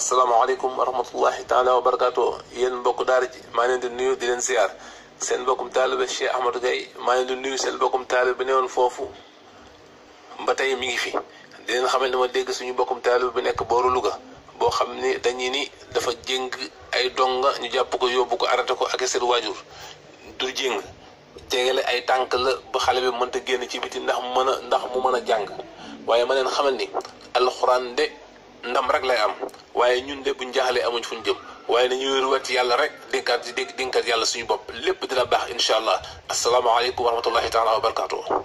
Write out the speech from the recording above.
asalaamaaleykum wa rahmatullahi taala wa barakaatu yéen mbokku daara maa leen di nuyu di leen ziar seen mbokkum taalibe Cheikh Ahmadou Gaye maa leen di nuyu seen mbokkum taalibe bi newoon foofu ba tey mi ngi fi di leen ma dégg suñu mbokkum taalibe bi nekk booru luga boo xam ne dañuy ni dafa jéng ay donga ñu jàpp ko yóbbu ko arrêté ko ak seen waajur du jéng tegale ay tànk la ba xale bi mënta génn ci biti ndax mu mën a ndax mu mën a jàng waaye ma leen xamal ni alxuraan de. ndam rek lay am waaye ñun de buñ jaaxlee amuñ fuñ jëm waaye nañu wér ci yàlla rek dénkaat dénkaat yàlla suñu bopp lépp dina baax incha allah asalaamaaleykum wa rahmatullahi taala wa barakaatu.